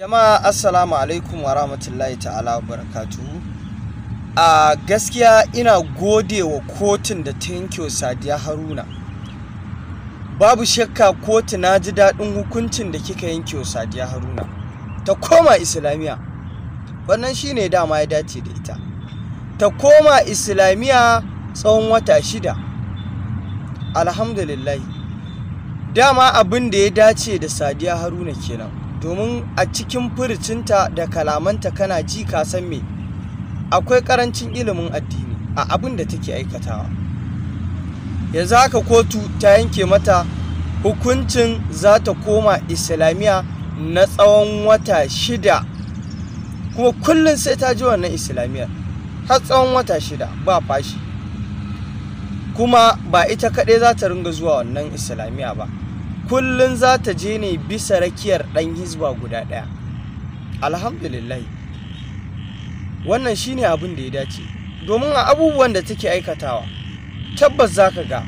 jama'a assalamu alaikum wa rahmatullahi ta'ala barakatuhu a gaskiya ina gode wa kotun da ta yankewa sadiya haruna babu shakka kotu na ji daɗin hukuncin da kika yanke sadiya haruna ta koma Islamiya. wannan shine dama ya dace da ita ta koma Islamiya tsawon wata shida alhamdulillah dama abin da ya dace da sadiya haruna kenan domin a cikin furicinta da kalamanta kana ji ka san me akwai karancin ilimin addini a abin da take aikatawa yanzu haka kotu ta yanke mata hukuncin za ta koma islamiyya na tsawon wata shida kuma kullum sai ta ji wannan islamiyyar har tsawon wata shida ba fashi kuma ba ita kaɗai za ta ringa zuwa wannan islamiyya ba kullum za ta je ne bisa rakiyar ɗan hizba guda ɗaya alhamdulillah wannan shi ne abin da ya dace domin a abubuwan da take aikatawa tabbas za ka ga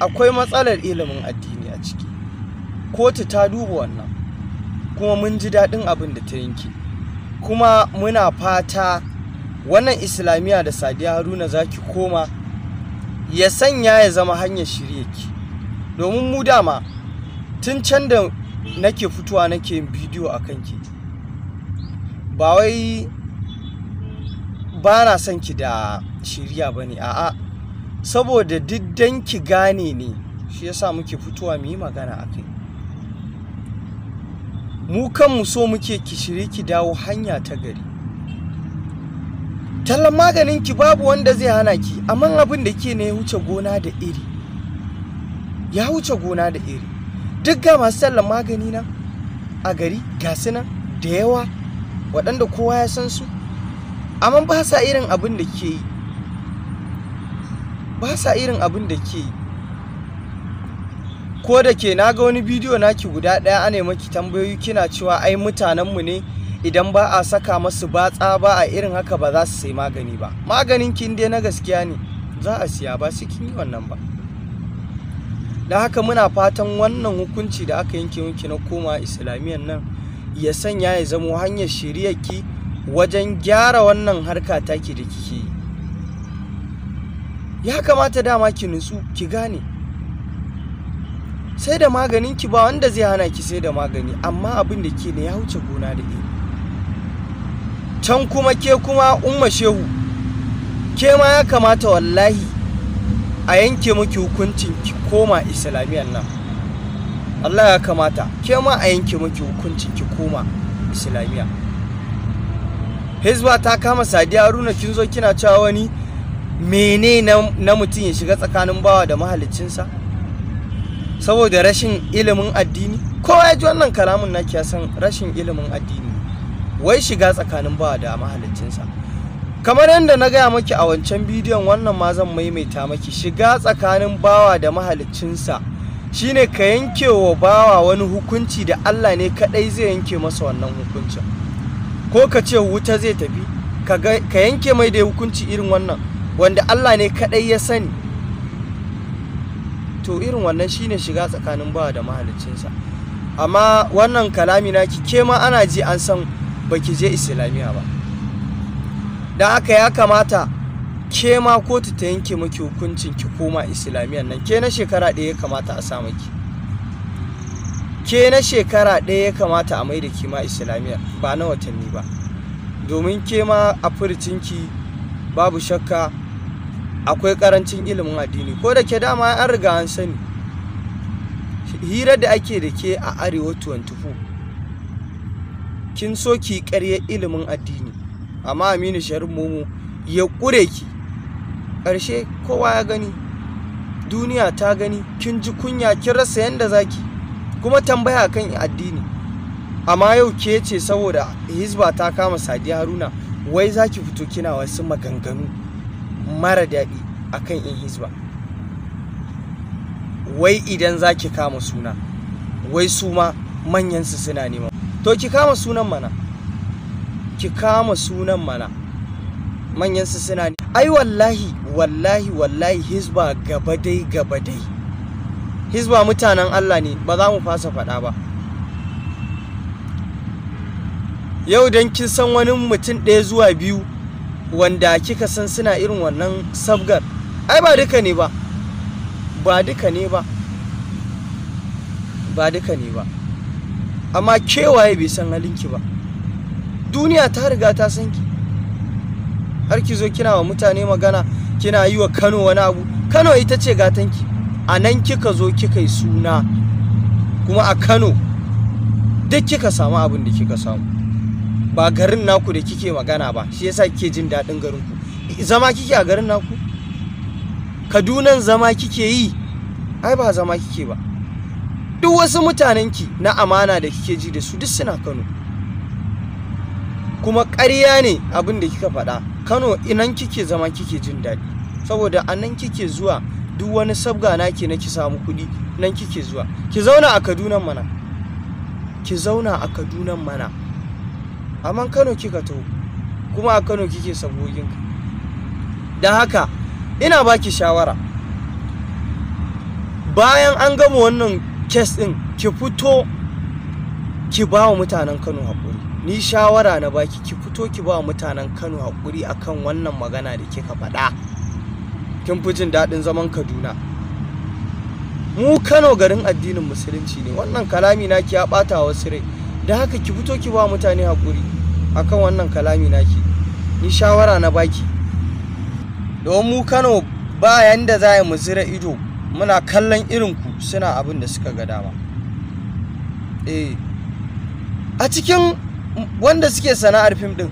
akwai matsalar ilimin addini a ciki kotu ta duba wannan kuma mun ji daɗin abin da ta yanke kuma muna fata wannan islamiyya da sadiya haruna za ki koma ya sanya ya zama hanyar shirye ki domin mu dama tun can da nake fitowa nake yin bidiyo a kanki ba wai ba na son ki da shirya ba ne a'a saboda diddan ki gane ne shi sa muke fitowa mu yi magana a kai mu kanmu so muke ki shiri ki dawo hanya ta gari tallan maganin ki babu wanda zai hana ki amma abin da ke ne ya wuce gona da iri ya wuce gona da iri duk ga masu tallan magani nan a gari ga su da yawa waɗanda kowa ya san su amma ba sa irin abin da ke yi ba sa irin abin da ke yi ko da ke na ga wani bidiyo naki guda ɗaya ana maki tambayoyi kina cewa ai mutanenmu ne idan ba a saka masu batsa ba a irin haka ba za su sai magani ba maganin kin dai na gaskiya ne za a siya ba su kin yi wannan ba don haka muna fatan wannan hukunci da aka yanke miki na koma islamiyan nan ya sanya ya zamo hanyar shiriyarki wajen gyara wannan harka taki da kike yi ya kamata dama ki nutsu ki gane sai da maganin ki ba wanda zai hana ki sai da magani amma abin da ke ne ya wuce gona da ke can kuma ke kuma umma shehu ke ma ya kamata wallahi a yanke muke hukuncin ki koma islamiyan nan Allah ya kamata ke ma a yanke muke hukuncin ki koma islamiyya hizba ta kama sadiya haruna kin zo kina cewa wani mene na mutum ya shiga tsakanin bawa da mahalicinsa saboda rashin ilimin addini kowa ya ji wannan kalamin na san rashin ilimin addini wai shiga tsakanin bawa da mahalicinsa kamar yadda na gaya maki a wancan bidiyon wannan ma zan maimaita maki shiga tsakanin bawa da mahaliccinsa shine ka yanke wa bawa wani hukunci da Allah ne kadai zai yanke masa wannan hukuncin ko ka ce wuta zai tafi ka yanke mai da hukunci irin wannan wanda Allah ne kadai ya sani to irin wannan shine shiga tsakanin bawa da mahaliccinsa amma wannan kalami naki ke ma ana ji an san baki je Islamiyya ba don haka ya kamata ke ma kotu ta yanke miki hukuncin ki koma islamiyan nan ke na shekara ɗaya ya kamata a sa ke na shekara ɗaya ya kamata a mai da ki ma islamiyya? ba na watanni ba domin ke ma a furcinki babu shakka akwai karancin ilimin addini ko da ke dama an riga an sani hira da ake da ke a arewa 24 kin so ki karya ilimin addini amma aminu sharin momo ya ƙure ki ƙarshe kowa ya gani duniya ta gani kin ji kunya kin rasa yanda zaki kuma tambaya kan addini amma yau ke ce saboda hizba ta kama sadi haruna wai zaki fito kina wasu maganganu mara daɗi akan in hizba wai idan zaki kama suna wai su ma manyansu suna neman to ki kama sunan mana ki kama sunan mana manyansu suna ne. ai wallahi wallahi wallahi hizba gabadai gabadai hizba mutanen Allah ne ba za mu fasa faɗa ba yau don kin san wani mutum ɗaya zuwa biyu wanda kika san suna irin wannan sabgar ai ba duka ne ba ba duka ne ba ba duka ne ba amma kewaye bai san halinki ba duniya ta riga ta san ki har ki zo kina wa mutane magana kina yi wa Kano wani abu Kano ita ce gatanki a nan kika zo kika yi suna kuma a Kano duk kika samu abin da kika samu ba garin naku da kike magana ba shi yasa kike jin daɗin garin ku zama kike a garin naku Kadunan zama kike yi ai ba zama kike ba duk wasu mutanenki na amana da kike ji da su duk suna Kano kuma ƙarya ne abin da kika faɗa kano inan kike zama kike jin daɗi saboda a nan kike zuwa duk wani sabga naki na ki samu kuɗi nan kike zuwa ki zauna a kaduna mana ki zauna a kaduna mana amma kano kika taho? kuma a kano kike saboginka don haka ina baki shawara bayan an gama wannan kes ɗin ki fito ki ba wa mutanen kano haƙuri ni shawara na baki ki fito ki ba mutanen kano haƙuri akan wannan magana da kika faɗa kin fi jin daɗin zaman kaduna mu kano garin addinin musulunci ne wannan kalami naki ya ɓata wasu rai da haka ki fito ki ba mutane haƙuri akan wannan kalami naki ni shawara na baki don mu kano bayan da za mu zira ido muna kallon irin ku suna abin da suka ga dama eh a cikin wanda suke sana'ar fim din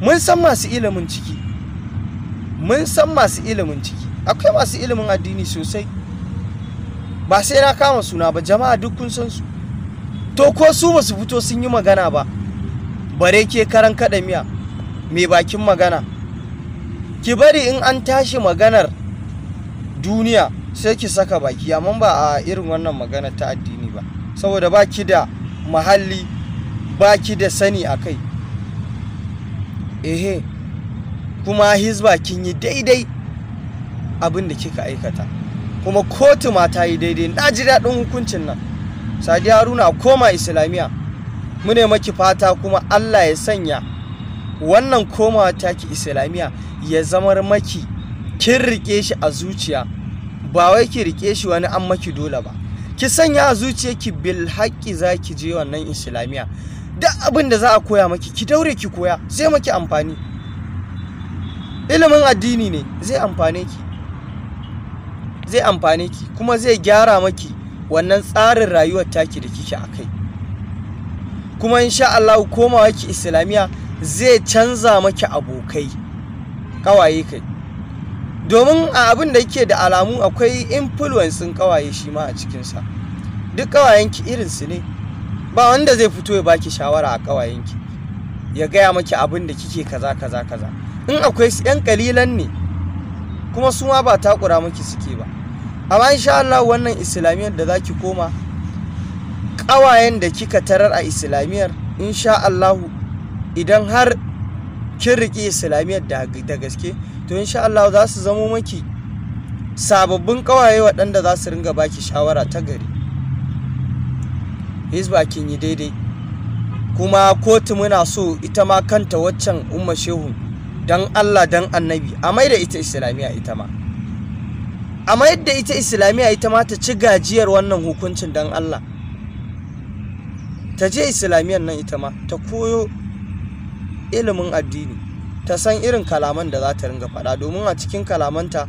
mun san masu ilimin ciki mun san masu ilimin ciki akwai masu ilimin addini sosai ba sai na kama suna ba jama'a duk kun san su to ko su ba su fito sun yi magana ba bare ke karan kada miya mai bakin magana ki bari in an tashi maganar duniya sai ki saka baki amma ba a irin wannan magana ta addini ba saboda ba ki da mahalli baki da sani a kai ehe kuma hizba kin yi daidai abin da kika aikata kuma kotu ma ta yi daidai na ji daɗin hukuncin nan sadi haruna koma islamiya mune maki fata kuma allah ya sanya wannan komawa taki islamiya ya zamar maki kin rike shi a zuciya ba wai ki rike shi wani an maki dole ba ki sanya a ki bil haƙƙi za ki je wannan islamiya duk abin da za a koya maki ki daure ki koya zai maki amfani ilimin addini ne zai amfane ki zai amfane ki kuma zai gyara maki wannan tsarin rayuwar taki da kike a kai kuma insha Allah komawa ki islamiya zai canza maki abokai kawaye kai domin a abin da yake da alamu akwai influencing ƙawaye shi ma a cikinsa duk kawayenki irinsu ne ba wanda zai fito ya baki shawara a kawayenki ya gaya maki abin da kike kaza kaza kaza in akwai yan kalilan ne kuma su ma ba takura maki suke ba amma insha Allah wannan islamiyar da zaki koma kawayen da kika tarar a islamiyyar insha Allah idan har kin riƙe islamiyyar da gaske to insha Allah za su zamo maki sababbin ƙawaye waɗanda za su ringa baki shawara ta gari hizba kin yi daidai kuma kotu muna so ita ma kanta waccan umma shehu dan Allah dan annabi a mai da ita islamiya ita ma a mai da ita islamiya ita ma ta ci gajiyar wannan hukuncin dan Allah ta je islamiyan nan ita ma ta koyo ilimin addini ta san irin kalaman da za ta ringa faɗa domin a cikin kalamanta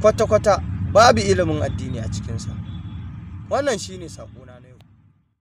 kwata-kwata babu ilimin addini a cikinsa wannan shine saƙo